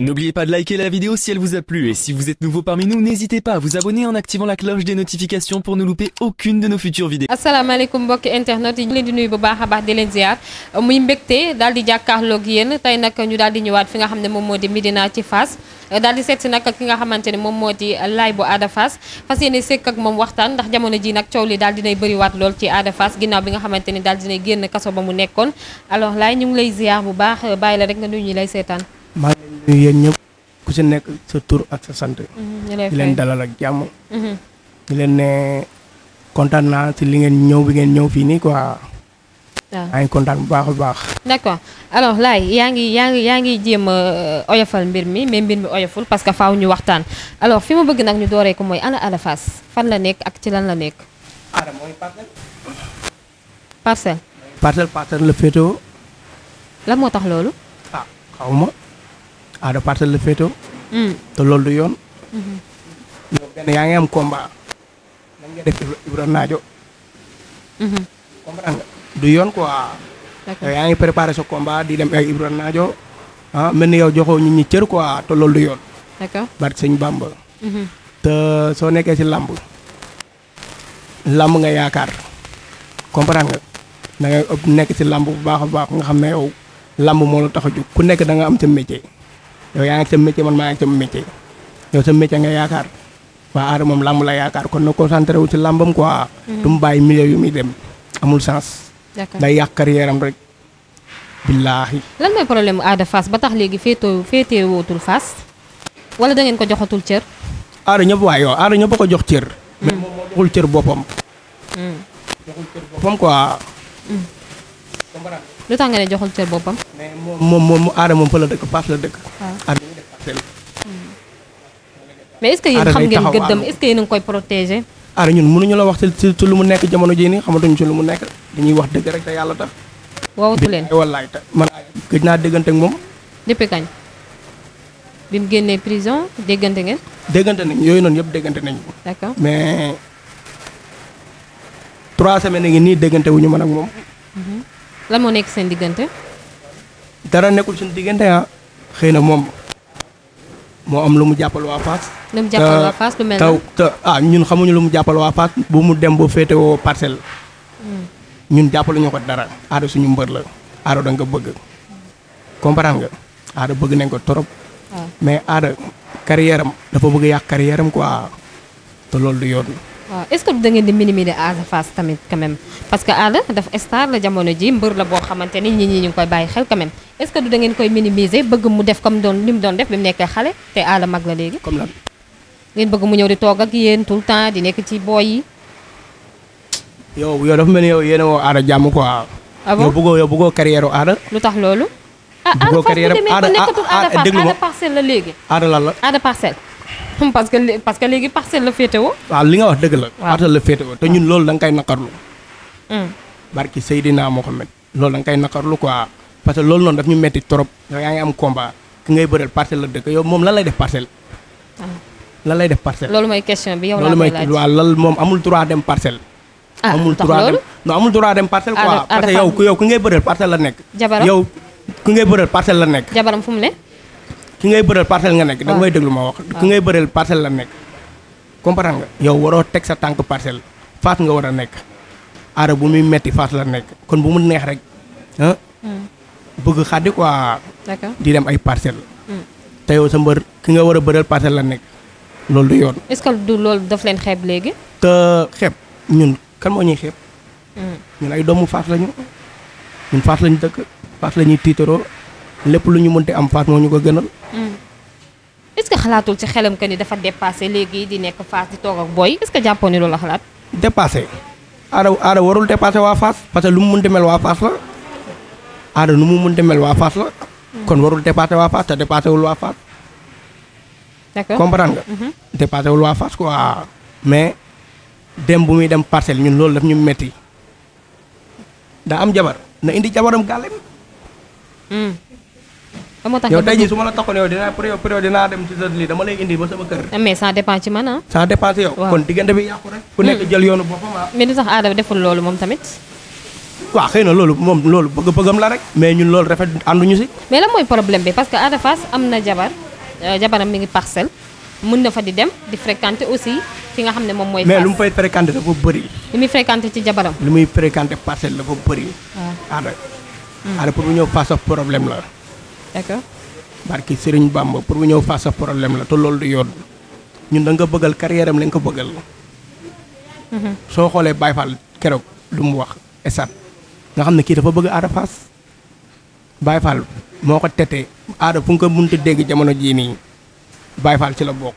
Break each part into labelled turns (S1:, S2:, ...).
S1: N'oubliez pas de liker la vidéo si elle vous a plu et si vous êtes nouveau parmi nous, n'hésitez pas à vous abonner en activant la cloche des notifications pour ne louper aucune de nos futures vidéos.
S2: asalaamaaleykum mbokki internet yi ñu bu baax a baax di leen ziar muy mbégte daal di jàkkaarloog yéen tey nag ñu daal di waat fi nga xam ne moom moo di Médina ci Fass. daal di seet si nag ki nga xamante ne moom moo di laay bu Ada Fass fas yéene sekk moom waxtaan ndax jamono ji nag coow li daal dinay bëriwaat lool ci Ada Fass ginnaaw bi nga xamante ne daal dinay génn kaso ba mu nekkoon alors laay ñu ngi lay ziar bu baax bàyyi la rek nga nuyu
S3: nuyu yéen ñëpp ku si nekk sa tur ak sa sant.
S2: Mm-hmm, di leen
S3: dalal ak jàmm. Mm-hmm. di leen ne kontaan naa si li ngeen ñëw bi ngeen ñëw fii nii quoi. waaw ah. maa kontaan bu baax baax.
S2: d' accord alors laay yaa ngi yaa ngi yaa ngi jéem a euh, oyofal mbir mi mais mbir mi oyoful parce que faaw ñu waxtaan alors fi ma bëgg nag ñu dooree ko mooy ana Ada fan la nekk ak ci lan la nekk. Ada mooy parcelle.
S3: parcelle. parcelle
S2: la moo tax loolu.
S3: Ah, xaw ma. Ada Parcelles la féetoo. Mm. te loolu du yoon.
S2: Mm-hmm.
S3: yaa ngi am combat. nga def Ibra mm-hmm. du yoon quoi. yow yaa ngi préparé sa combat di dem ak Ibra Naajo ah, mel ni yow joxoo nit ñi cër quoi te loolu du yoon. d'accord barke sëñ Bamba. Mm-hmm. te soo nekkee si làmb. làmb nga yaakaar comprendre nga da nekk ci làmb bu baax a baax nga xam ne yow làmb moo la tax a jóg ku nekk da nga am sa métier. yow yaa ngi sa métier man maa ngi sa métier yow sa métier nga yaakaar waa aada moom làmb la yaakaar kon na concentré wu ci làmbam quoi. Mm-hmm. du mu bàyyi milieu yu muy dem amul sens. day yàq carrière rek. billaahi.
S2: lan mooy problème aada Fass ba tax léegi féetoo féetee wootul Fass wala da ngeen ko joxatul cër.
S3: aada ñëpp waaye yow aada ñëpp ko jox cër. Mm. mais joxul cër boppam.
S1: Mm. joxul cër
S2: boppam lu tax nga ne joxul cër boppam. mais
S3: moom moom mu aada moom fa la dëkk paas la dëkk. Ah. Hmm.
S2: mais est-ce que yéen xam ngeen gëddam est-ce que nga koy protéger.
S3: aada ñun mënuñu la wax ci ci lu mu nekk jamono jii nii xamatuñu ci lu mu nekk dañuy wax dëgg rek te yàlla tax. wowatu leen bi wallaay ta man gëj naa déggante ak moom.
S2: depuis kañ. bi mu génnee prison déggante ngeen.
S3: déggante nañ yooyu noonu yëpp déggante nañ ko. d'accord mais trois semaines ngi nii déggante ñu mën ak moom.
S2: Mhm. lan moo nekk seen diggante.
S3: dara nekkul suñu diggante ah. xëy na moom moo am lu mu jàppal waa Fass. lu mu jàppal waa Fass taw te ah ñun xamuñu lu mu jàppal waa Fass bu mu dem ba féetewoo parcelle. Hmm. ñun jàppaluñu ko dara. aada suñu mbër la. aada da nga bëgg. comprendre nga aada bëgg nañ ko trop. Ah. mais aada carrière dafa bëgg yàq carrière am quoi te loolu du yoon.
S2: waaw est-ce que da ngeen di minimiser Ada Fass tamit quand parce que Ada dafa star la jamono ji mbër la boo xamante ni nit ñi ñu ngi koy bàyyi xel quand même est-ce que du da koy minimiser bëgg mu def comme doon li mu doon def bi mu nekkee xale te Ada mag la léegi. comme lan ngeen bëgg mu ñëw di toog ak yéen tout le temps di nekk ci booy yi.
S3: yow yow dafa mel ni yow yéen woo Ada jàmm ko ah bon yow bëggoo yow bëggoo carrière Ada. lu tax loolu.
S2: ah Ada Fass bi demee ah, ah, la léegi. Ada lan la Ada parcelle. parce que parce que léegi parcelle la féetewoo.
S3: waaw li nga wax dëgg la. parcelle la féetewoo te ñun loolu da nga koy naqarlu. Hmm. barki Seydina Mohamed. loolu da nga koy naqarlu quoi parce que loolu noonu daf ñu metti trop. yow yaa ngi am combat ki ngay bëreel parcelle la dëkk yow moom lan lay def parcelle. Hmm. lan lay def parcelle. loolu
S2: mooy question bi yow laa koy laaj loolu mooy
S3: waaw moom amul droit dem parcelle.
S2: ah amul droit dem
S3: non amul droit dem yow ku yow ku ngay bëreel parcelle la nekk. jabaram yow ku ngay bëreel parcelle la nekk. jabaram fu mu ne. ki ngay bëreel parcelle nga nekk da nga ah. may déglu ma wax ah. ki ngay bëreel parcelle la nekk comprendre nga yow waroo teg sa tànk parcelle faas nga war a nekk aara bu muy metti faas la nekk kon bu mu neex rek ah hmm. bëgg xaddi quoi di dem ay parcelle hmm. te yow sa mbër ki nga war a bëreel parcelle la nekk loolu du yoon
S2: est-ce que du loolu daf leen xeeb léegi
S3: te xeeb ñun kan moo ñuy xeeb hmm. ñun ay doomu faas lañu ñun faas lañu dëkk faas la ñuy tiitaroo lépp lu ñu mënti am faat moo ñu ko gënal.
S1: Mm.
S2: est xalaatul ci xelam que ni dafa dépassé léegi di nekk Fass di toog ak booy est ce jàppoo ni loolu la xalaat.
S3: dépassé aada aada warul dépassé waa Fass parce que lu mu mënti mel waa Fass la aada nu mu mënti mel waa Fass la.
S1: Mm. kon
S3: warul dépassé waa Fass te dépassé wul waa Fass.
S1: d' accord comprendre nga. Mm-hmm.
S3: dépassé wul waa quoi mais dem bu muy dem parcelle ñun loolu daf ñu metti daa am jabar na indi jabaram gàllem. Mm.
S2: ba moo tax yow tey jii su ma la
S3: taxoon yow dinaa pour yow pour yow dinaa dem dama lay indi ba sama kër.
S2: Eh, mais ça dépend ci man ah.
S3: ça dépend yow. kon diggante bi yàqu rek. ku nekk hmm. jël yoonu boppam
S2: ah. mais du tax aada deful loolu moom tamit.
S3: waaw xëy na loolu moom loolu bëgg-bëggam la rek. mais ñun loolu rafet ànduñu si.
S2: mais lan mooy problème bi parce que Ada am na jabar euh, jabaram mi ngi parcelle mën na fa di dem di fréquenter aussi ki nga xam ne moom mooy. mais lu mu
S3: fay fréquenter dafa bëri.
S2: li muy fréquenter ci jabaram.
S3: li muy fréquenter parcelle dafa bëri. waaw ah. aada. aada hmm. pour mu ñëw Fass problème la d'accord barki sëriñ Bamba pour mu ñëw face sa problème la te loolu du yoon ñun da nga bëggal carrière am ko bëggal. Mhm. soo xoolee Baye keroog lu mu wax esat nga xam ne kii dafa bëgg aada Fass Baye Fall moo ko tete aada fu nga ko mënut a dégg jamono jii nii Baye Fall ci la bokk.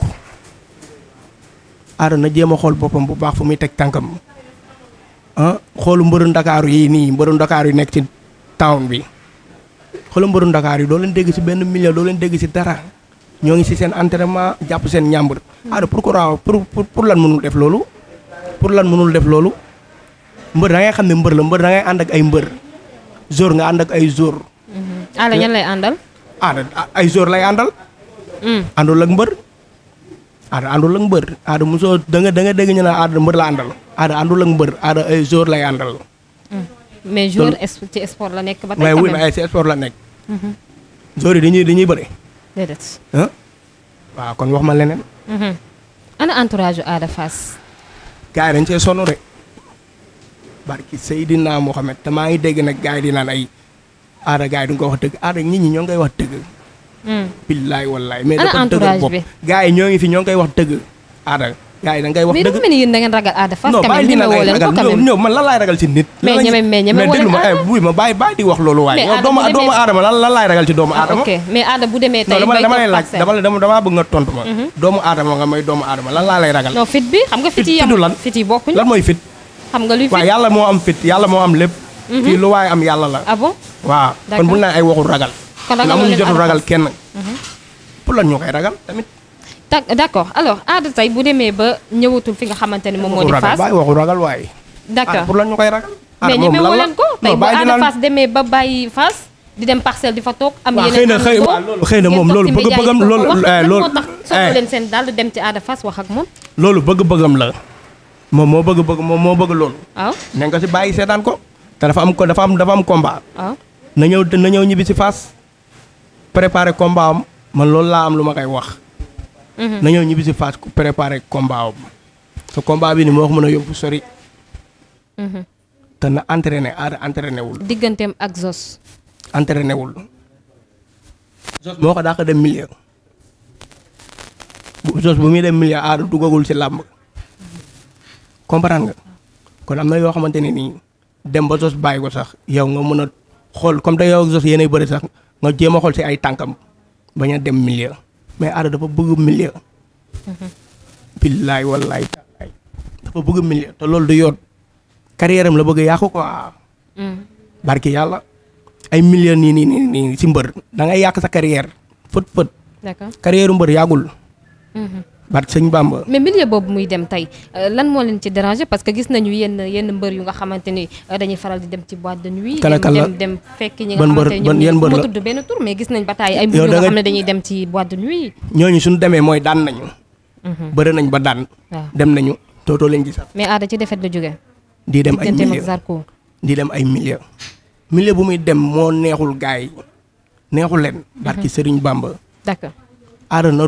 S3: aada na jéem a xool boppam bu baax fu muy teg tànkam ah xoolu mbëru ndakaaru yi nii mbëru ndakaaru yi nekk ci town bi. xoolal mbaru Ndakaar yi doo leen dégg si benn million doo leen dégg si dara ñoo ngi si seen entraînement jàpp seen ñàmbur. Ada pourquoi pour pour lan mënul def loolu pour lan mënul def loolu mbër da ngay xam ne mbër la mbër da ngay ànd ak ay mbër jour nga ànd ak ay jour.
S2: Mm-hmm. Ada ñan lay àndal.
S3: Ada ay jour lay àndal. Mm. àndul ak mbër. Ada àndul ak mbër Ada mosoo da nga da nga dégg ñu ne Ada mbër la àndal Ada àndul ak mbër Ada ay jour lay àndal.
S2: mais joueur ci sport la nekk. ba tey waaye ay
S3: ci sport la nekk. Mhm. joueur yi dañuy dañuy bëri. déedéet. kon wax ma leneen.
S2: Mhm. ana entourage yu Ada Fass. dañ
S3: cee sonn rek. barki Seydina Mohamed te maa ngi dégg nag gars yi di naan ay. aada gars yi ko wax dëgg aada nit ñi ñoo ngi koy wax dëgg. Mhm. billaay wallaay mais dafa dëgg bopp gars yi ñoo ngi fi ñoo ngi koy wax dëgg aada. gaa yi da ngay wax dëgg mais
S2: yéen da ngeen ragal Ada Fass. tamit ñeme woo leen ko tamit
S3: non man lan laay ragal ci nit. mais ñeme mais ñeme woo leen ma kay buy eh, ma bàyyi bàyyi di wax loolu waaye. yow doomu doomu aadama lan lan laay ragal ci doomu ah, aadama. ok
S2: mais Ada bu demee tey dama lay laaj dama
S3: dama ma. Mhm. doomu aadama nga may doomu aadama lan laa lay ragal.
S2: fit bi xam nga fit yi yam
S3: lan fit yi bokkuñ lan mooy fit. xam nga luy fit yàlla moo am fit yàlla moo am lépp. Mhm. fii lu waaye am yàlla la. Ah kon bu ñu ay waxul ragal. kon ragal amuñu jotul ragal kenn mhm. pour lan ñu koy ragal tamit
S2: d'accord alors aada tey bu demee ba ñëwatul fi nga xamante ne moom moo di Fass waxu ragal waay lan ñu koy ragal mais ñeme woo leen ko tey bu aada Fass demee ba bàyyi Fass di dem parcelle di toog am xëy na xëy na moom loolu bëgg bëggam loolu eh, loolu moo tax eh. soxla leen seen daal dem ci aada fas wax ak moom
S3: loolu bëgg bëggam la moom moo bëgg bëgg moom moo bëgg loolu waaw ah. ne nga si bàyyi seetaan ko te dafa am ko dafa am dafa am combat waaw ah. na ñëw na ñëw ñibbi si fas préparer combat am man loolu laa am lu ma koy wax Mhm. na ñëw ñibbi si Fass préparé combat sa combat bi ni moo ko mën a yóbbu sori. Mhm. te na entraîné aada entraîné wul.
S2: digganteem ak Zos.
S3: entraîné wul. Zos moo ko daa dem milieu. bu Zos bu dem milieu aada duggagul ci làmb. comprendre nga kon am na yoo xamante ne nii dem ba Zos bàyyi ko sax yow nga mën a xool comme te yow ak Zos yéenay bëri sax nga jéem a xool si ay tànkam bañ a dem milieu. mais aada dafa bëgg milieu. Mhm. billaay wallaay tallaay dafa bëgg milieu te loolu du yoon carrière am la bëgg yàqu quoi. Mm. barki yàlla ay millions nii nii nii nii si mbër da ngay yàq sa carrière fët fët. d'accord carrière mbër yàggul. Mhm. barke sëñ Bamba. mais
S2: milieu boobu muy dem tey euh, lan moo leen ci dérangé parce que gis nañu yenn yenn mbër yu nga xamante ni euh, dañuy faral di dem ci boîte de nuit. kala dem dem fekk ñi nga xamante ni ñu mu tudd benn tur mais gis nañ ba taay ay mbër yu dem ci boîte de nuit.
S3: ñooñu suñu demee mooy daan nañu. Mhm. bëri nañ ba daan. dem nañu tootoo leen gisaat.
S2: mais aada ci defet la jógee.
S3: di dem ay milieu di dem ay milieu. milieu bu muy dem moo neexul gaay neexul leen. barke mhm. sëriñ Bamba. d'accord aada na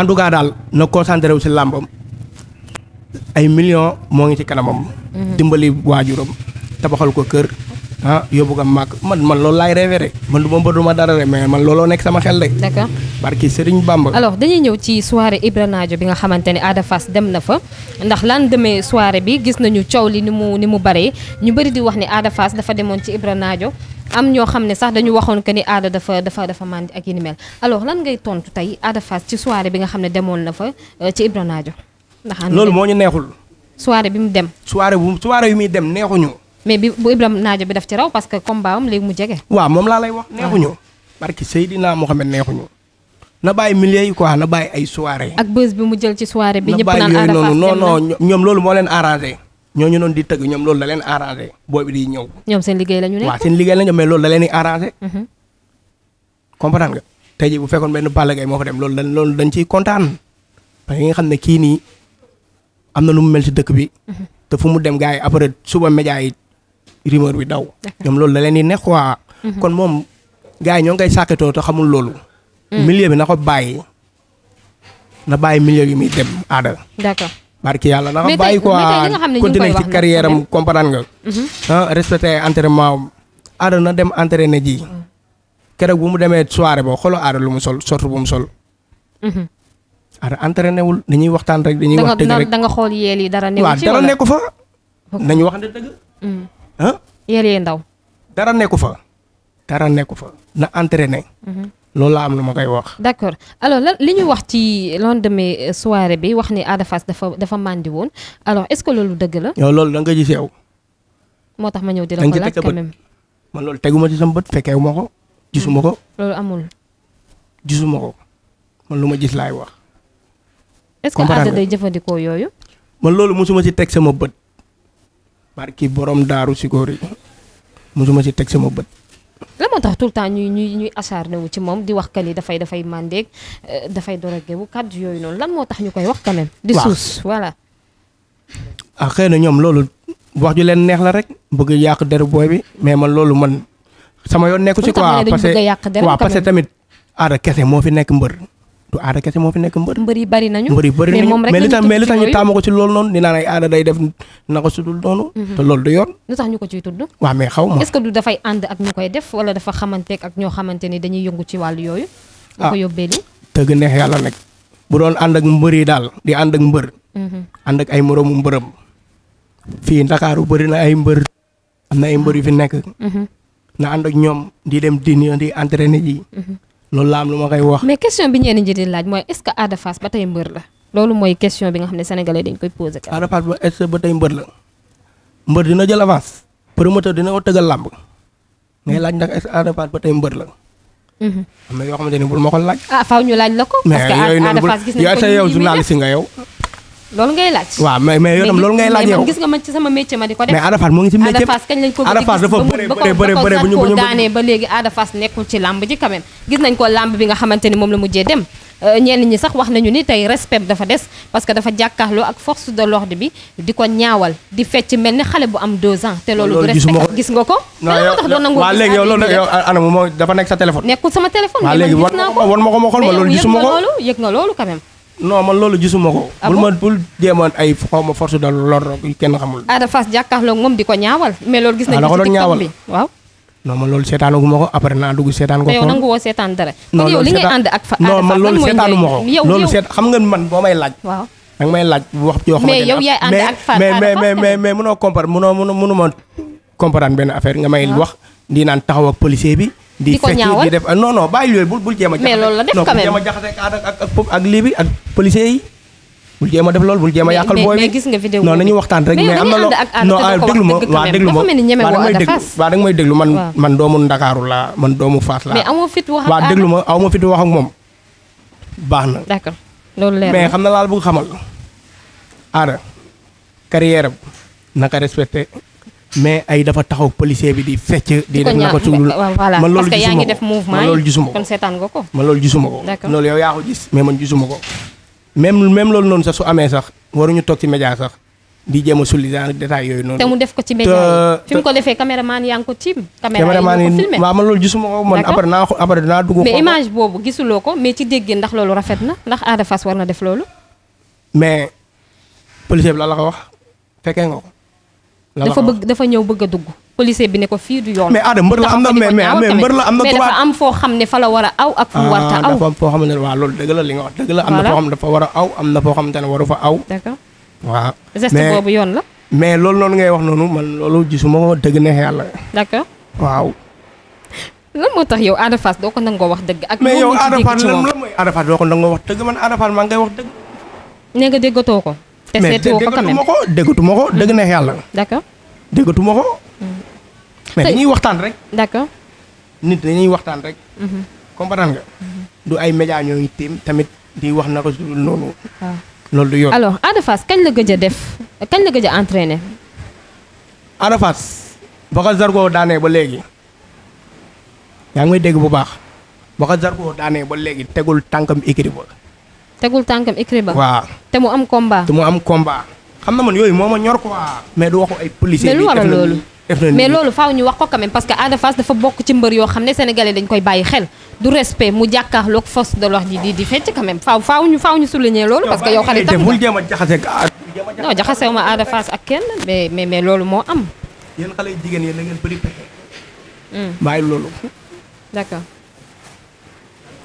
S3: en tout daal na concentré wu si làmbam ay millions moo ngi ci kanamam. Mhm. dimbali waajuram tabaxal ko kër. ah yóbbu ko màkk man man loolu laay révéré man du ma mbënd dara rek mais man looloo nekk sama xel rek. d'accord barki Serigne Bamba. alors
S2: dañuy ñëw ci soirée Ibra Nadio bi nga xamante ne Ada dem na fa ndax lan deme soirée bi gis nañu coow li ni mu ni mu baree ñu bëri di wax ni Ada dafa demoon ci Ibra Nadio am ñoo xam ne sax dañu waxoon que ni aada dafa dafa dafa màndi ak yi ni mel alors lan ngay tontu tey Ada Fass ci soirée bi nga xam ne demoon na fa euh, ci Ibra Naajo ndax loolu moo ñu neexul soirée bi mu dem
S3: soirée bu soirée yu muy dem neexuñu
S2: mais bi bu Ibra Naajo bi daf ci raw parce que comme am léegi mu jege
S3: waa moom laa lay wax neexuñu moo ah. Seydina Mohamed neexuñu na bàyyi milliers yi quoi na bàyyi ay soirée
S2: ak buzz bi mu jël ci soirée bi ñëpp naan Ada Fass non non
S3: ñoom loolu moo leen arrangé ñooñu noonu di tëgg ñoom loolu da leen arrangé booy di ñëw.
S2: ñoom seen liggéey la ne. waaw
S3: seen liggéey la ñu mais loolu da leen di arrangé. Mm-hmm. comprendre nga tey jii bu fekkoon benn Balla Gaye moo fa dem loolu dañ loolu dañ ciy kontaan parce nga xam ne kii nii am na lu mu mel ci dëkk bi. Mm-hmm. te fu mu dem gars yi après suba média yi rumeur loolu da leen di neex quoi. Mm-hmm. kon moom gars yi ñoo ngi koy sàkkatoo te xamul loolu. Mm. milieu bi na ko bàyyi na bàyyi milieu bi muy dem aada. d'accord. barki yàlla na xam bàyyi ko continuer ci carrière am comprendre nga mm-hmm. ah, respecté entraînement na dem entraîné ji mm. keroog bu mu demee soirée ba xolo aada lu mu sol sort bu mu sol aada mm-hmm. entraîné wul dañuy waxtaan rek dañuy wax dëgg rek da
S2: nga xool yeel yi dara nekku ci dara nekku fa nañu wax ne dëgg mm. ah yeel yi ndaw
S3: dara nekku fa dara nekku fa na entraîné mm-hmm. loolu la am lu ma koy wax.
S2: d' accord alors lan li ñu wax ci lendemain euh, soirée bi wax ni Ada Fass dafa dafa màndi woon alors est ce que loolu dëgg la. yow loolu da nga ko gis moo tax ma ñëw di la ko laaj quand même
S3: man loolu teguma ci sama bët fekkeewu ko gisuma ko. Mm-hmm. amul. gisuma ko man lu ma gis laay wax.
S2: est Ada day jëfandikoo yooyu.
S3: man loolu mësuma ci teg sama bët. barki borom daaru si góor yi mosuma ci teg sama bët.
S2: la moo tax tout le temps ñuy ñuy ñuy acharné wu ci moom di wax que ni dafay dafay màndeeg euh, dafay dorogé wu kàddu yooyu noonu lan moo tax ñu koy wax quand di suus voilà.
S3: ah xëy na ñoom loolu wax ju leen neex la rek bëgg yàq deru booy bi mais man loolu man sama yoon nekku ci quoi parce que waaw parce que tamit aada kese moo fi nekk mbër. du aada kese moo fi nekk mbër. mbër
S2: yi bari nañu mbër yi bari nañu mais li tax mais li tax ñu taamu
S3: ko ci loolu noonu ni naan ay aada day def na ko sudul noonu. Mhm. te loolu du yoon.
S2: lu tax ñu ko ciy tudd.
S3: waaw mais xaw ma est
S2: du dafay ànd ak ñu koy def wala dafa xamanteeg ak ñoo xamante ni dañuy yëngu ci wàllu yooyu. ah ko yóbbee li
S3: tëgg neex yàlla nag. bu doon ànd ak mbër yi daal di ànd ak mbër. Mhm. ànd ak ay moroomu mbërëm. fii Ndakaaru bëri na ay mbër am na ay mbër yu fi nekk. Mhm. na ànd ak ñoom di dem di loolu la am lu ma koy wax.
S2: mais question bi ñenn ñi di laaj mooy est-ce que Ada ba tey mbër la loolu mooy question bi nga xam ne sénégalais dañ koy posé. Ada Fass ba est-ce
S3: ba tey mbër la mbër dina jël avance promoteur dina ko tëggal làmb ngay laaj ndax est-ce que ba tey mbër la. Mhm. am na yoo xamante ne bul ma ko laaj.
S2: ah faaw ñu laaj la ko. parce que Ada Fass gis nañ ko yow journaliste nga yow. loolu ngay laaj. waaw mais mais yow tam loolu ngay laaj yow gis nga man ci sama métier ma di ko def. mais Ada moo ngi ci métier Ada moom la mujjee dem euh, ñenn ñi sax wax nañu ni tey respect dafa des parce que dafa jàkkaarloo ak force de di ko ñaawal di fecc ni xale bu am deux ans te nga ko moo tax doon nangu waaw léegi yow
S3: loolu nag yow sa téléphone
S2: nekkul sama téléphone waaw léegi ma loolu yëg nga loolu quand
S3: non man loolu gisuma ko. Ah bul ma bul jéemoon ay xaw ma force de lor kenn xamul.
S2: Ada Fass jàkkaarloog moom di ko ñaawal. mais loolu gis nañu ah, ci TikTok bi waaw.
S3: non man loolu seetaanu ma ko après naa dugg seetaan ko. yow nangu
S2: woo seetaan dara. non yow li ngay ànd ak fa non man loolu seetaanu ma ko loolu seet
S3: xam nga man boo may laaj. waaw danga may laaj wax yoo xamante mais yow yaay ànd ak fa
S1: mais mais mais
S3: mais mënoo comprendre mënoo mënuma comprendre benn affaire nga may ah. wax di naan taxaw ak policier bi di fekk di def non non bàyyi yooyu bul bul jéem a. mais loolu la def quand même non bul jéem ak ak ak ak ak policiers yi. bul jéem a def loolu bul jéem a yàqal booy bi mais gis
S2: nga vidéo non nañu
S3: waxtaan rek. am na loo non ah déglu ma waaw déglu ma waaw da nga may déglu man doomu Ndakaaru laa man doomu Fass laa. mais
S2: amoo fit wax ak waaw déglu
S3: ma aw ma fit wax moom baax na. d'accord
S2: loolu leer mais xam
S3: na laal bu xamal aada carrière naka respecté mais ay dafa taxaw policier bi di fecc di def na ko tuul man loolu gisuma ko yaa ngi def mouvement loolu gisuma kon seetaan nga ko man loolu gisuma ko loolu yow yaa ko gis mais man gisuma ko même même loolu noonu sax su amee sax waruñu toog ci média sax di jéem a sulli daanaka détail yooyu noonu. mu
S2: def ko ci média ko defee caméraman yaa ngi ko tiim. caméra yi ñu ko filmé waaw man
S3: loolu gisuma ko
S2: boobu gisuloo ko mais ci dégg ndax loolu rafet na ndax Ada war na def loolu.
S3: mais policier bi la la ko wax fekkee nga ko. dafa bëgg
S2: dafa ñëw bëgg a dugg policier bi ne ko fii du yoon mais aada mbër na mais mais am na xam ne fa la war a aw ak fu warta ah, aw
S3: dafa loolu dëgg la li nga wax dëgg la am na foo a aw am na foo xam fa aw d'accord waaw yoon la mais loolu noonu ngay wax noonu man loolu gisuma ko dëgg neex yàlla d'accord waaw
S2: lan moo tax yow Ada Fass doo ko nangoo wax dëgg ak mais yow Ada Fass lan
S3: mooy Ada wax dëgg man Ada Fass maa ngay wax dëgg
S2: nee nga déggatoo ko mais déggatuma ko
S3: déggatuma ko dégg na yàlla. Mm. d'accord déggatuma ko. Mm.
S2: mais dañuy waxtaan rek. d'accord
S3: nit dañuy waxtaan rek. Mm-hmm. comprendre nga. Mm-hmm. du ay médias ñooy tiim tamit di wax na ko si ah. loolu du yoon.
S2: alors Ada kañ la gëj a def kañ la gëj a entraîné.
S3: Ada Fass ba ko Zarko daanee ba léegi ñaa ngi may dégg bu baax ba ko Zarko daanee ba léegi tegul tànkam écrit ba.
S2: tegul tànkam écrit ba. te mu am combat. te
S3: mu am combat. xam na man yooyu moo ma ñor quoi. mais du waxu ay policiers. mais lu waral loolu mais loolu
S2: faaw ñu wax ko quand parce que Ada Fass dafa bokk ci mbër yoo xam ne sénégalais dañ koy bàyyi xel du respect mu jàkkaarloog force de l'ordre di di di fecc quand même faaw faaw ñu faaw ñu souligner loolu. parce que yow xale taxul bul a ma Ada Fass ak kenn mais mais loolu moo am.
S3: yéen xale jigéen yéen da ngeen bëri hmm. loolu.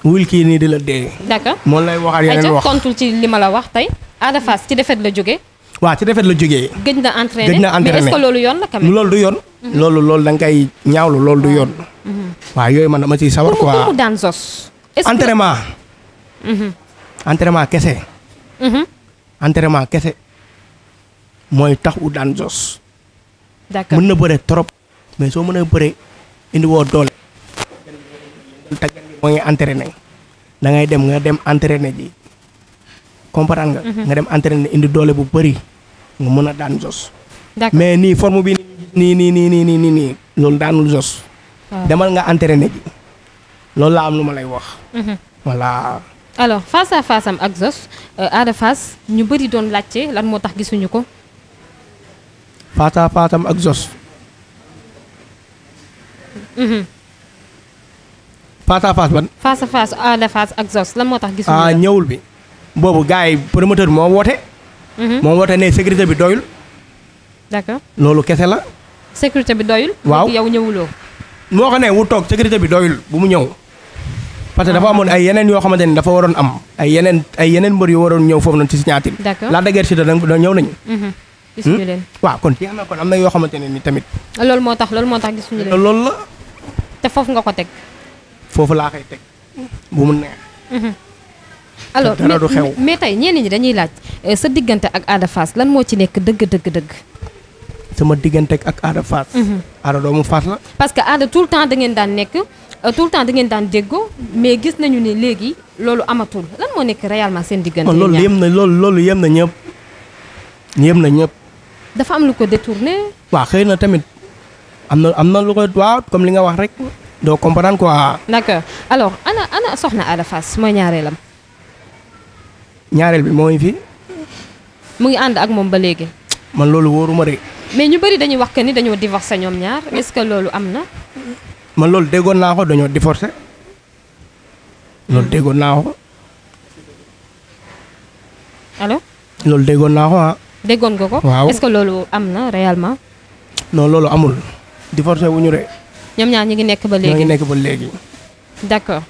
S3: wul nii di la dee. d'accord moom lay waxaat yeneen wax kontul
S2: ci li ma la wax tey. Ada Fass ci défaite la jóge
S3: waaw ci défaite la jógee.
S2: gëj na entraîné gëj na entraîné mais est loolu yoon la quand loolu
S3: du yoon. Mhm. loolu loolu da koy ñaawlu loolu du yoon. Mhm. waaw yooyu man ma ciy sawar quoi pour mu
S2: daan Zoss. Mhm.
S3: kese. entraînement kese mooy tax u daan Zoss. mën na bëre trop mais soo mënee a bëre indi doole. mooy entraîner da ngay dem nga dem entraîner ji comprendre nga. Mhm. nga dem entraîner indi doole bu bëri nga mën a daan jos. mais nii forme bi nii nii nii nii nii nii loolu daanul jos. Ah. demal nga entraîner ji loolu laa am lu ma lay wax. Mhm. voilà.
S2: alors face à face am ak Zoss euh, Ada Fass ñu bëri doon laajte lan moo tax gisuñu ko.
S3: face à ak Zoss. Mhm. face à face ban.
S2: face à face Ada ak Zos lan moo tax. gisuñu
S3: ah bi. boobu gars yi promoteur bi moo woote. Mhm. moo woote ne sécurité bi doyul. d'accord loolu kese la.
S2: sécurité bi doyul. waaw yow ñëwuloo.
S3: moo ko ne wu toog sécurité bi doyul bu mu ñëw. parce que dafa amoon ah. ay yeneen yoo xamante ne dafa waroon am ay yeneen ay yeneen mbër yu waroon ñëw foofu noonu ci da ñëw nañu.
S2: Mhm. gisuñu hmm? leen
S3: waaw kon jeex na kon am na yoo ne ni tamit.
S2: loolu moo tax loolu moo tax gisuñu leen. loolu la. te foofu nga ko teg.
S3: foofu laa koy teg bu mu neex. Mm-hmm. alors dara du xew
S2: mais tey ñenn ñi dañuy laaj euh, sa diggante ak aada Fass lan moo ci nekk dëgg dëgg dëgg.
S3: sama diggante ak Ada Fass. Mm-hmm. Ada doomu Fass la.
S2: parce que Ada tout le temps da ngeen daan nekk euh, tout le temps da ngeen daan déggoo mais gis nañu ne léegi loolu amatul lan moo nekk réellement seen diggante. ñaar loolu yem
S3: na loolu loolu yem na ñëpp yem na ñëpp.
S2: dafa am lu ko détourné.
S3: waa xëy na tamit am na lu ko waaw comme li nga wax rek. doo comprendre quoi.
S2: d'accord alors ana ana soxna Ada mooy ñaareelam.
S3: ñaareel bi moo fi.
S2: mu ngi ànd ak moom ba léegi.
S3: man loolu wóoruma de.
S2: mais ñu bëri dañuy wax que ni dañoo divorcé ñoom ñaar est-ce que loolu am na.
S3: man loolu déggoon naa ko dañoo divorcé loolu déggoon naa ko. allo. loolu déggoon naa ko ah.
S2: déggoon nga ko. waaw est-ce que loolu am na réellement.
S3: non loolu amul. divorcé wu ñu de.
S2: ñoom ñaar ñu ngi nekk ba léegi ñoo ngi nekk ba léegi. d'accord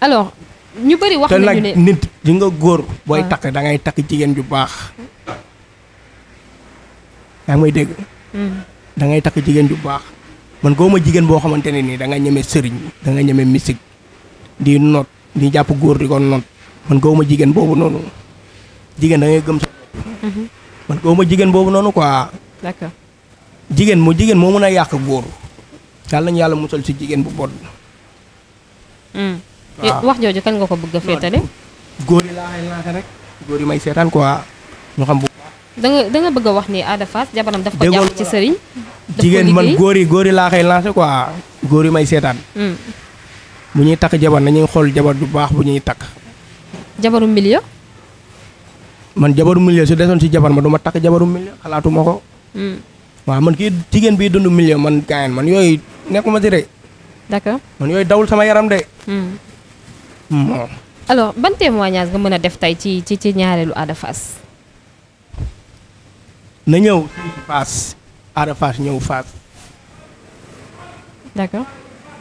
S2: alors ñu bëri wax nañu ne nag nit
S3: di nga góor. booy ah. takk da ngay takk jigéen ju baax. yaa may dégg. Hmm. dangay takk jigéen ju baax. man góoma jigéen boo xamante ne nii da nga ñeme sëriñ da nga ñeme misik di noot di jàpp góor di ko noot man góoma jigéen boobu noonu jigéen da ngay gëm. Mhm. man góoma jigéen boobu noonu quoi. jigéen mu jigéen moo mën a yàq góor. yàlla nañu yàlla musal ci jigéen bu bon.
S2: Hmm. Ah. Eh, wax jooju kañ nga ko bëgg a féetale. góor yi laa lancé rek
S3: góor yi may seetaan quoi ñu xam bu
S2: da nga da bëgg a wax ni Ada Fass jabaram daf ko jàpp ci sëriñ. jigéen man góor yi
S3: góor yi laa koy lancé góor yi may seetaan. Hmm. bu ñuy takk jabar nañuy xool jabar bu baax bu ñuy takk. jabaru milieu. man jabaru milieu su desoon si jabar ma duma takk jabaru milieu xalaatuma ko. Hmm. waaw man kii jigéen biy dund milieu man gaayen man yooyu nekkuma ci de. d'accord man yooyu dawul sama yaram de. bon. Hmm. Hmm.
S2: alors ban témoignage nga mën a def tey ci ci ci ñaareelu Ada Fass.
S3: na ñëw Fass Ada ñëw Fass.
S2: d'accord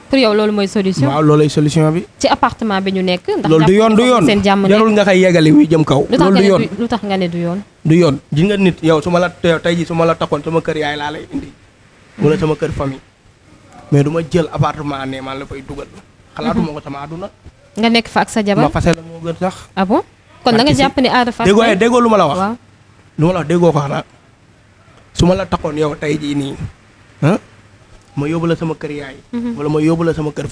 S2: pour yow loolu mooy solution. waaw loolay solution bi. ci appartement bi ñu nekk. ndax du yoon du yoon jarul nga
S3: koy yegali wi jëm kaw. loolu du yoon
S2: lu tax nga ne du yoon.
S3: du yoon ji nga nit yow su ma la tey jii su ma la taxoon ma kër yaay laa lay indi. wala sama kër famille. mais du ma jël appartement ne maa la fay dugal. xalaatuma ko sama àdduna.
S2: nga sa jabar ma fase
S3: la su ma la yow tey jii nii ah, ma yóbbu la kër yaay. Mhm. wala ma yóbbu la sama kër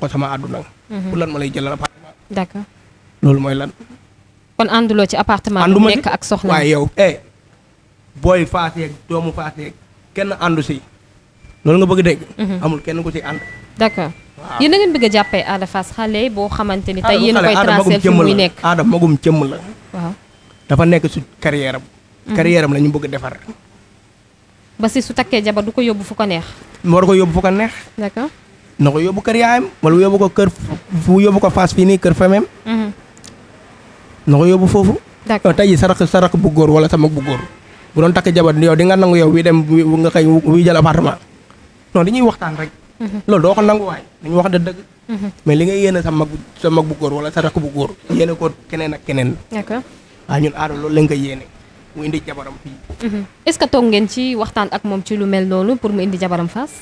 S3: ko sama àdduna. Mhm. pour lan ma lay jëlal appartement. d'accord loolu mooy lan.
S2: kon ànduloo ci appartement. ànduma nekk ak soxna waaye
S3: yow. Eh, booy faas doomu faas kenn àndu si loolu nga bëgg dégg mhm. amul kenn ku si ànd
S2: d'accord yéen na ngeen bëgg a jàppee Ada Fass xale boo xamante ni tey yéen a koy tracé fi muy nekk
S3: Ada magum cëmm la waaw dafa nekk su carrière am
S2: mhm. carrière
S3: am la bëgg defar
S2: ba si su takkee jabar du ko yóbbu fu ko neex
S3: war ko yóbbu fu ko neex d'accord na ko yóbbu kër yaayam wala yóbbu ko kër fu yóbbu ko Fass fii nii kër famem mhm. na yóbbu foofu tey ji sa rakk bu góor wala sa mag bu góor bu doon takk jabar yow di nga nangu yow wi dem nga xëy wi jël appartement non dañuy waxtaan rek
S1: mhm. loolu doo ko nanguwaay dañu wax de dëgg mhm.
S3: mais li ngay yéene sa mag sa mag bu góor wala sa rakk bu góor yéene ko keneen ak keneen waaw ah, ñun aada loolu lañ koy yéene mu indi jabaram fii
S2: mhm. est-ce que toog ngeen ci waxtaan ak moom ci lu mel noonu pour mu indi jabaram Fass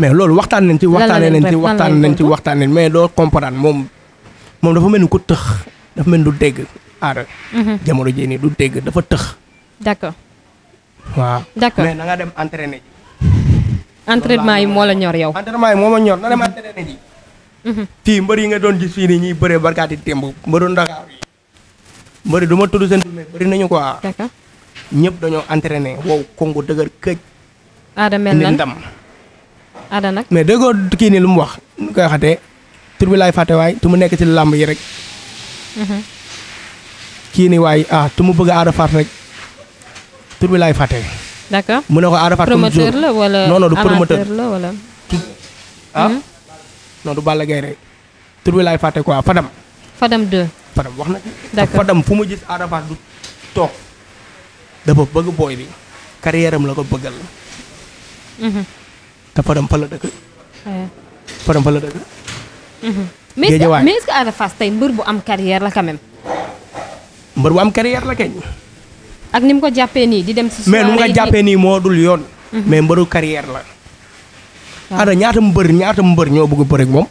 S3: mais loolu waxtaan nañ ci waxtaanee nañ ci waxtaan nañ ci waxtaan nañ mais doo comprendre moom moom dafa mel ni ku tëx dafa mel du dégg aada jamono du dégg dafa tëx d'accord.
S2: waaw d'accord mais
S3: na nga dem entraîner ji.
S2: entraînement yi moo la ñor yow. entraînement yi moo ma ñor na dem entraîner ji.
S3: Mhm. fii mbër yi nga doon gis fii nii ñuy bëree barkaati témb mbëru du ma tudd seen tur mais bëri nañu quoi. d'accord ñëpp dañoo entraîner wow kongo dëgër këj.
S2: aada mel nan aada nag
S3: mais déggoo kii nii lu mu wax nu koy waxatee tur bi laay fàtte waay tu mu nekk ci làmb yi rek. Mhm. kii nii waay ah tu mu bëgg aada faat rek. tur bi laay ko Ada
S2: ah, Fass promoteur la wala non non du promoteur la wala.
S3: ah hmm? non bi laay fàtte wax na. d'accord Fadam fu mu gis Ada du toog dafa bëgg booy bi carrière la ko bëggal. Hmm. te Fadam fa la dëkk. Fadam fa la dëkk.
S2: mais hmm. mais est-ce tey mbër bu am carrière la quand
S3: mbër bu am carrière la kañ.
S2: ak ni mu ko jàppee nii di dem si. mais nu jàppee nii
S3: moo dul yoon. Mhm. mais mbëru carrière la. waaw ana ñaata mbër ñaata mbër ñoo bëgg bëri moom.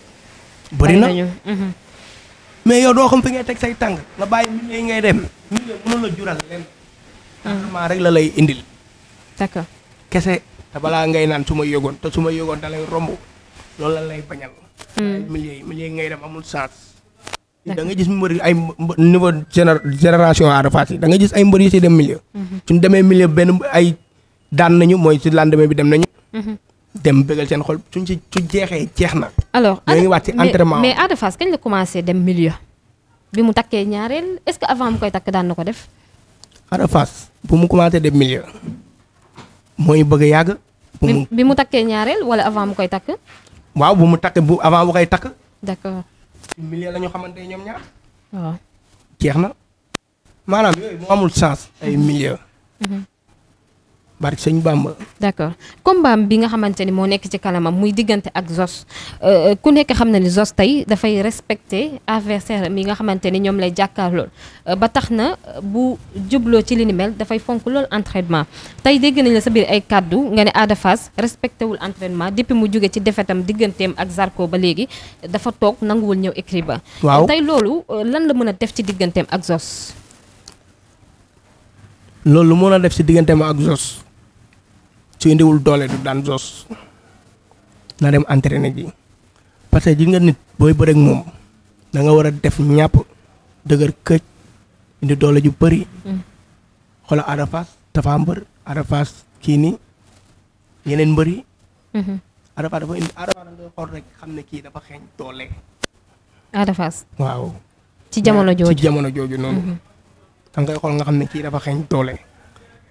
S3: bëri na mhm. mais yow doo xam fi ngay teg say tàng nga bàyyi milieu yi ngay dem. milieu mënul la jural lenn. vraiment mhm. rek la lay indil.
S2: d'accord kese
S3: balaa ngay naan su ma yëgoon te su ma yëgoon da lay loolu la lay bañal. yi ngay dem amul chance. da nga gis mbër ay niveau génération à reface yi da gis ay mbër yu si dem milieu mhm. suñ demee milieu benn ay daan nañu mooy si lendemain bi dem nañu mhm. dem bëggal seen xol suñ si su jeexee jeex na
S2: alors ñu ngi waat ci entraînement mais Ada Fass kañ la commencé dem milieu bi mu takkee ñaareel est-ce que avant mu koy takk daan na ko def
S3: Ada Fass bu mu commencé dem milieu mooy bëgg a yàgg
S2: bi mu takkee ñaareel wala avant mu koy takk
S3: waaw bu mu takk bu avant bu koy takk d'accord ci milieu la ñu xamante ñoom ñaar. waaw jeex na maanaam yooyu amul sens ay milieu. Mm-hmm. barke sëñ Bamba.
S2: d'accord combat bi nga xamante ni moo nekk ci kanamam muy diggante ak Zos euh, euh, ku nekk xam na ni sos tey dafay respecter adversaire mi nga xamante ni ñoom lay jàkkaarlool euh, ba tax na bu jubloo ci li dafay fonk lool entraînement tey dégg la sa biir ay kàddu nga ne Ada Fass respecté wul entraînement depuis mu jóge ci defetam digganteem ak Zarko ba léegi dafa toog nanguwul ñëw écrit ba. waaw tey loolu lan la mën a def ci digganteem ak sos
S3: loolu moo mën a def ci digganteem ak Zos. su indiwul doole du daan Zoss na dem entraîner ji parce que ji nga nit booy bëreek moom da nga war a def ñàpp dëgër këj indi doole ju bëri. Mm. xoolal a Fass dafa mbër Ada Fass kii nii yeneen mbër yi.
S2: Mm-hmm. dafa indi Ada kii waaw. ci jamono jooju ci jamono jooju noonu. Mm-hmm. da ngay xool nga xam ne kii dafa xeeñ
S3: doole.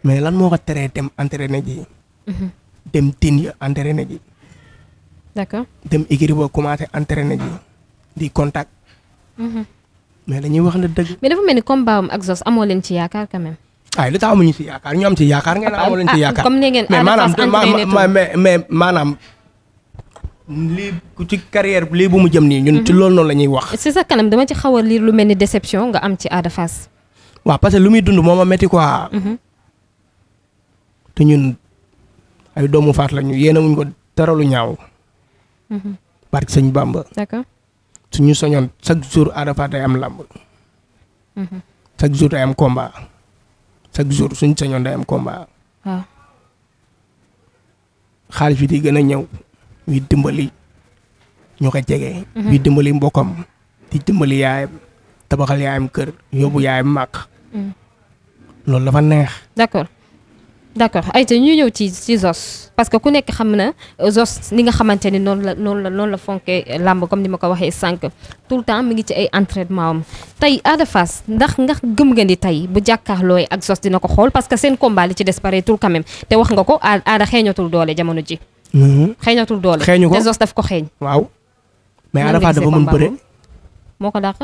S3: mais lan moo ko teree dem entraîner Mm-hmm. dem tin ya entraîné ji. d'accord dem écurie ba commencé entraîné ji di contact. Mm-hmm. mais dañuy wax na dëgg.
S2: mais dafa mel ni combat am ak Zoss amoo leen ci yaakaar quand même.
S3: ay li tax amuñu ci yaakaar ñu am ci yaakaar ngeen amoo leen ci ah, ah, yaakaar. comme ni ngeen mais maanaam mais mais maanaam. lii ku ci carrière lii bu mu jëm nii. ñun ci mm-hmm. loolu noonu la ñuy wax. si
S2: sa kanam dama ci xaw a lu mel ni déception nga am ci Ada Fass.
S3: waaw lu muy dund moo ma métti quoi. te ñun. ay doomu faat lañu yéena wuñ ko teralu ñaaw. Mhm. barke sëñ Bamba. suñu soñoon chaque jour Ada Fass day am mhm. chaque jour day am chaque jour suñu soñoon day am ah. xaalis bi di gën a ñëw ñuy dimbali ñu ko jege. ñuy mhm. dimbali mbokkam di dimbali yaayam tabaxal yaayam kër yóbbu yaayam màkk. loolu dafa neex.
S2: d' accord ayta ñu ñëw ci ci Zos parce que ku nekk xam na euh, Zos ni nga xamante ni noonu la noonu la noonu la fonkee làmb comme ni ma ko waxee sànq tout le temps mi ngi ci ay entraînement am tey Ada Fass ndax nga gëm nga di tey bu jàkkaarlooy ak Zos dina ko xool parce que seen combat li ci des pareetul quand même te wax nga ko Ada xeeñatul doole jamono ji. Mm-hmm. xeeñatul doole xeeñu ko sos Zos daf ko xeeñ.
S3: waaw mais Ada Fass dafa mën moo ko dàq.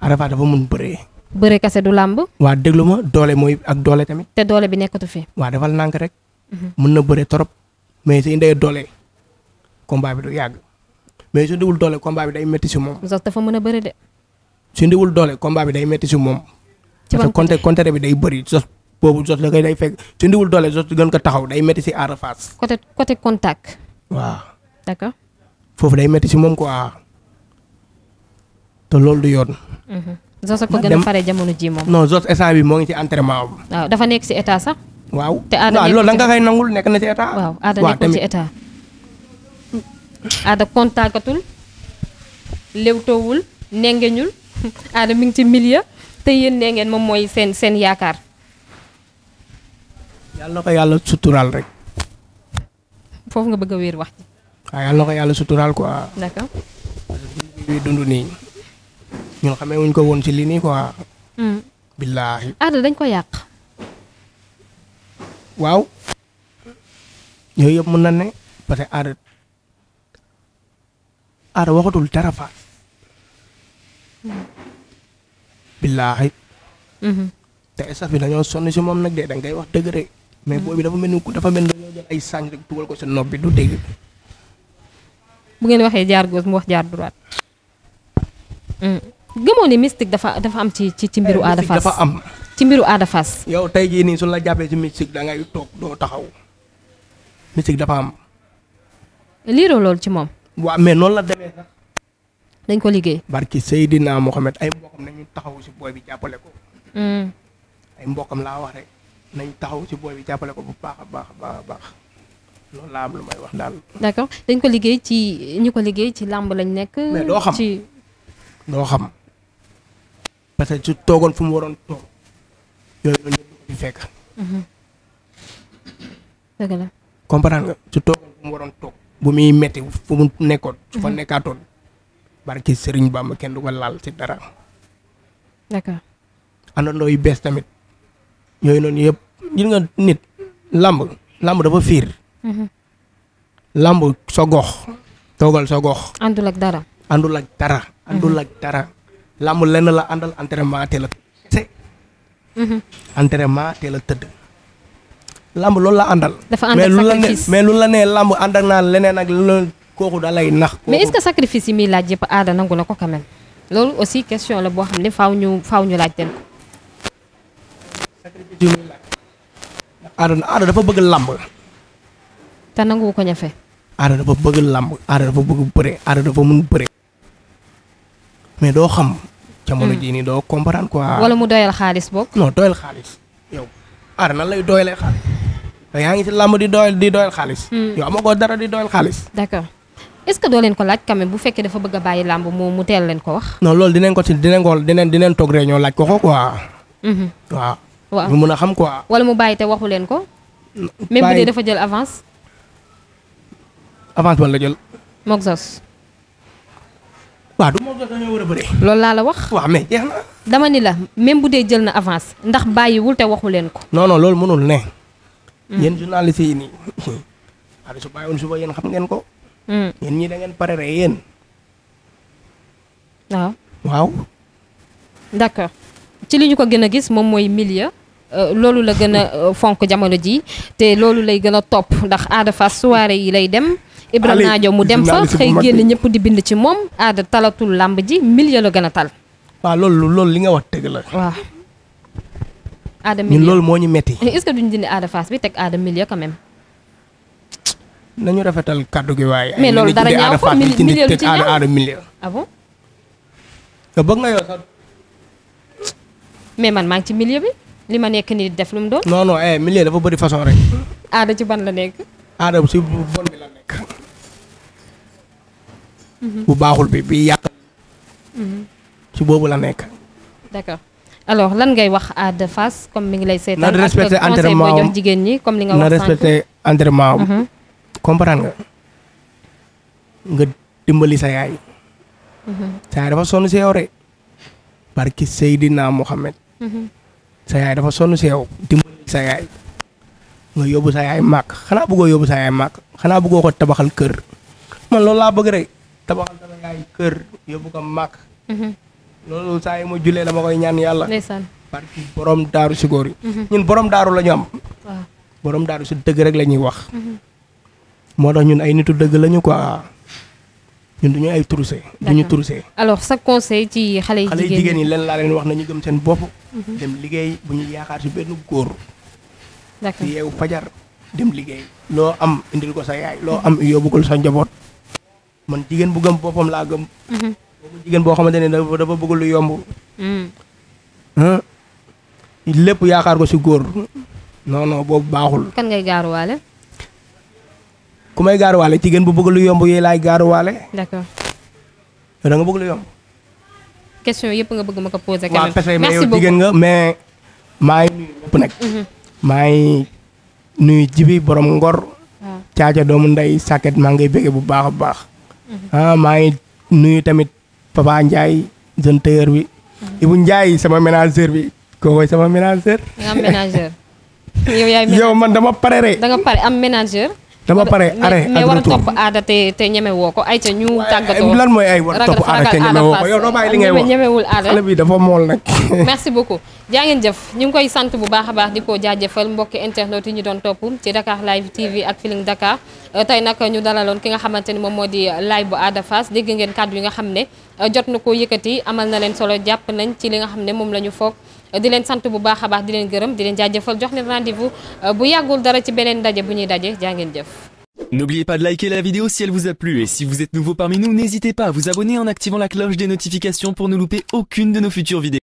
S3: Ada Fass dafa bëree.
S2: bëre kase du làmb.
S3: waa déglu ma doole mooy ak doole tamit.
S2: te doole bi nekkatu fi.
S3: waa defal nànk rek. mun mhm. na bëre trop mais su indee doole combat bi du yàgg mais su doole combat bi day métti si moom.
S2: Zos dafa mën a bëre de.
S3: su indiwul doole combat bi day métti moom. ci ban côté bi day bëri Zos boobu Zos la koy day fekk su indiwul doole Zos gën ko taxaw day métti si aar face.
S2: côté côté contact. waaw d'accord.
S3: foofu day métti si moom quoi te loolu du yoon.
S2: Mhm. Zos ko gën a fare jamono ji moom. non Zos
S3: instant bi moo ngi ci entraînement am.
S2: waaw dafa nekk ci état sax.
S3: waaw te aada loolu da nga koy nangul nekk na ci état. waaw aada nekkul ci état.
S2: aada kontaakatul lewtoowul nengeñul aada mi ngi ci milieu te yéen nee moom mooy seen seen yaakaar.
S3: yàlla na ko yàlla suturaal rek.
S2: foofu nga bëgg a wéer wax ci.
S3: waaw yàlla na ko yàlla suturaal quoi. d'accord. dund ñun xamee wuñ ko woon ci lii nii quoi. Hmm. billaahi.
S2: aada dañ ko yàq.
S3: waaw. ñoo yëpp mën na ne parce que aada aada waxatul dara faat. billaahi. Hmm. te estaf bi dañoo sonn si moom nag de da ngay wax dëgg mais hmm. boobu dafa mel ni dafa mel dañoo jël ay sànq rek dugal ko sa nopp bi du dégg.
S2: bu ngeen waxee jaar gauche mu wax jaar droite. gëmoo ne mystique dafa dafa am ci ci mbiru eh, Ada Fass am ci mbiru Ada yow tey jii
S3: nii suñu la jàppee ci mystique da ngay toog doo taxaw mystique dafa am
S2: liiroo loolu ci moom
S3: waaw mais noonu la demee sax dañ ko liggéey barki Seydina Mohamed ay mbokkam nañu taxaw si booy bi jàppale ko mm. ay mbokkam laa wax nañ taxaw si booy bi jàppale ko bu baax a baax a baax a baax loolu laa wax daal
S2: d'accord dañ ko liggéey ci ñu ko liggéey ci làmb lañ nekk mais doo xam
S3: ci doo xam parce que su toogoon fu mu waroon toog yooyu noonu ñëpp ko mm-hmm. bu muy metti fu mu nekkoon. su fa mm-hmm. nekkaatoon barki Serigne Bamba kenn du ko laal ci dara. àndandoo yu bees tamit yooyu noonu yëpp gis nga nit làmb làmb dafa fiir. Mm-hmm. làmb sa gox. toogal sa gox.
S2: àndul ak dara.
S3: àndul ak dara. làmb lenn la àndal entraînement teel la tëdd. Mhm. entraînement teel a tëdd. làmb loolu la àndal. dafa ànd ak sacrifice mais lu la nee làmb ànd naa leneen ak lu kooku da lay nax. mais est-ce que
S2: sacrifice yi muy laaj yëpp aada nangu na ko quand même loolu aussi question la boo xam ne faw ñu faaw ñu laaj teen
S3: ko. aada dafa bëgg làmb.
S2: te nangu ko ñafe.
S3: aada dafa bëgg làmb aada dafa bëgg bëre aada dafa mun bëre mais doo xam jamono mm. jii nii doo comprendre quoi. wala
S2: mu doyal xaalis boog. non doyal xaalis yow
S3: aar nan lay doyalee xaalis yaa ngi si làmb di doyal di doyal xaalis. Mm. yow amagoo dara di doyal xaalis.
S2: d'accord est-ce que doo leen ko laaj quand même bu fekkee dafa bëgg a bàyyi làmb mu mu teel leen ko wax.
S3: non loolu dinañ ko si dinañ ko dinañ dinañ toog laaj ko ko quoi. Mm-hmm. waaw. waaw mu mën a xam quoi.
S2: wala mu bàyyi te waxu leen ko. même dafa jël avance. avance ban la jël. Mook Zos.
S3: waaw du moom loolu laa la wax. waaw mais jeex
S2: na. dama ni la même bu dee jël na avance ndax bàyyiwul te waxu leen ko.
S3: non loolu mënul ne. Hmm. yéen journaliste yi nii. waaw su bàyyiwoon suba yéen xam ngeen
S2: ko. Hmm.
S3: yéen ñii da ngeen pare rek waaw. waaw.
S2: d'accord ci li ñu ko gën a gis moom mooy milieu. Euh, loolu la gën a euh, fonk jamono ji te loolu lay gën a topp ndax Ada Fass soirée yi lay dem. Ibrahima Diaw mu dem fa xëy génn ñëpp di bind ci moom aada talatul làmb ji milieu la gën a tal
S3: waaw loolu loolu li nga wax dëgg la waaw aada milieu ñun loolu moo ñu metti
S2: eh, est-ce que duñ teg aada milieu quand même
S3: nañu rafetal kàddu gi waaye mais loolu dara ñaaw ko milieu lu ci ñaaw aada milieu
S2: ah bon man maa ngi ci milieu bi li ma nekk nii def lu mu doon
S3: non non eh dafa bëri façon rek
S2: aada ci ban la nekk
S3: aada si bon
S2: bi la nekk Mm-hmm. bu baaxul
S3: bi bi yàq
S2: mm-hmm.
S3: ci boobu la nekk
S2: d'accord lan ngay wax à de face ngi lay seetaan na respecté entraînement jox jigéen ñi comme li nga wax na
S3: mm-hmm. nga dimbali sa yaay sa yaay dafa sonn si yow rek barki Seydina Mohamed sa yaay dafa sonn si dimbali sa yaay nga yóbbu sa yaay màkk xanaa bëggoo yóbbu sa yaay màkk xanaa bëggoo ko tabaxal kër man loolu laa bëgg rek tabaxal sama yaay kër yóbbu ko màkk mhm. loolu saa yi ma jullee dama koy ñaan yàlla parce que borom daaru si góor yi mhm. ñun borom daaru la ñu am boroom daaru si dëgg rek la ñuy wax mhm. moo tax ñun ay nitu dëgg lañu quoi ñun du ñu ay turuse duñu turuse
S2: alors sa conseil ci xale yi jigéen yi
S3: leen laa leen wax nañu gëm seen bopp dem liggéey bu ñu yaakaar si benn góor d'accord yeewu fajar dem liggéey loo am indil ko sa yaay loo am yóbbugul sa njaboot man jigéen bu gëm boppam laa gëm. boobu mhm. jigéen boo xamante ne dafa bëgg lu yomb.
S2: Mm.
S3: lépp yaakaar ko si góor. non non boobu baaxul.
S2: kan ngay gaaruwaale.
S3: ku may gaaruwaale jigéen bu bëgg lu yomb laay gaaruwaale. d'accord. da nga bëgg lu yomb.
S2: question ma ko poser. yow
S3: mhm. jibi borom ngor. Ah. caaca doomu ndey sàkket maa ngay bëgge bu baax a baax. ah maa ngi nuyu tamit Papa Ndiaye jeune tailleur bi. Mhm. Ibu Ndiaye sama ménageur bi kookoy sama ménageur.
S1: am ménageur.
S2: yow yaay ménageur
S3: man dama pare rek. da nga pare am dama pare arrêt war a topp
S2: aada te te woo ko ay te ñu tàggatoo lan mooy ay war a topp aada te ñeme woo ko yow doo bàyyi li ngay wax ñemewul aada xale merci beaucoup jaa ngeen jëf ñu ngi koy sant bu baax a baax di ko jaajëfal mbokki internet yi ñu doon topp ci Dakar live TV ak Feeling Dakar euh, tey nag ñu dalaloon ki nga xamante ni moom moo di live bu Ada fas dégg ngeen kàddu yi nga xam ne euh, jot na ko yëkkati amal na leen solo jàpp nañ ci li nga xam ne moom la ñu foog di leen sant bu baax a baax di leen gërëm di leen jaajëfal jox a rendez-vous euh, bu yàggul dara ci beneen bu ñuy daje jaa ngeen jëf.
S1: N'oubliez pas de liker la vidéo si elle vous a plu et si vous êtes nouveau parmi nous, n'hésitez pas à vous abonner en activant la cloche des notifications pour ne louper aucune de nos futures vidéos.